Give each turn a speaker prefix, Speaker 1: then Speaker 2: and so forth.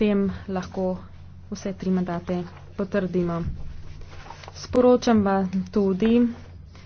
Speaker 1: tem lahko vse tri mandate potrdimo. Sporočam vam tudi,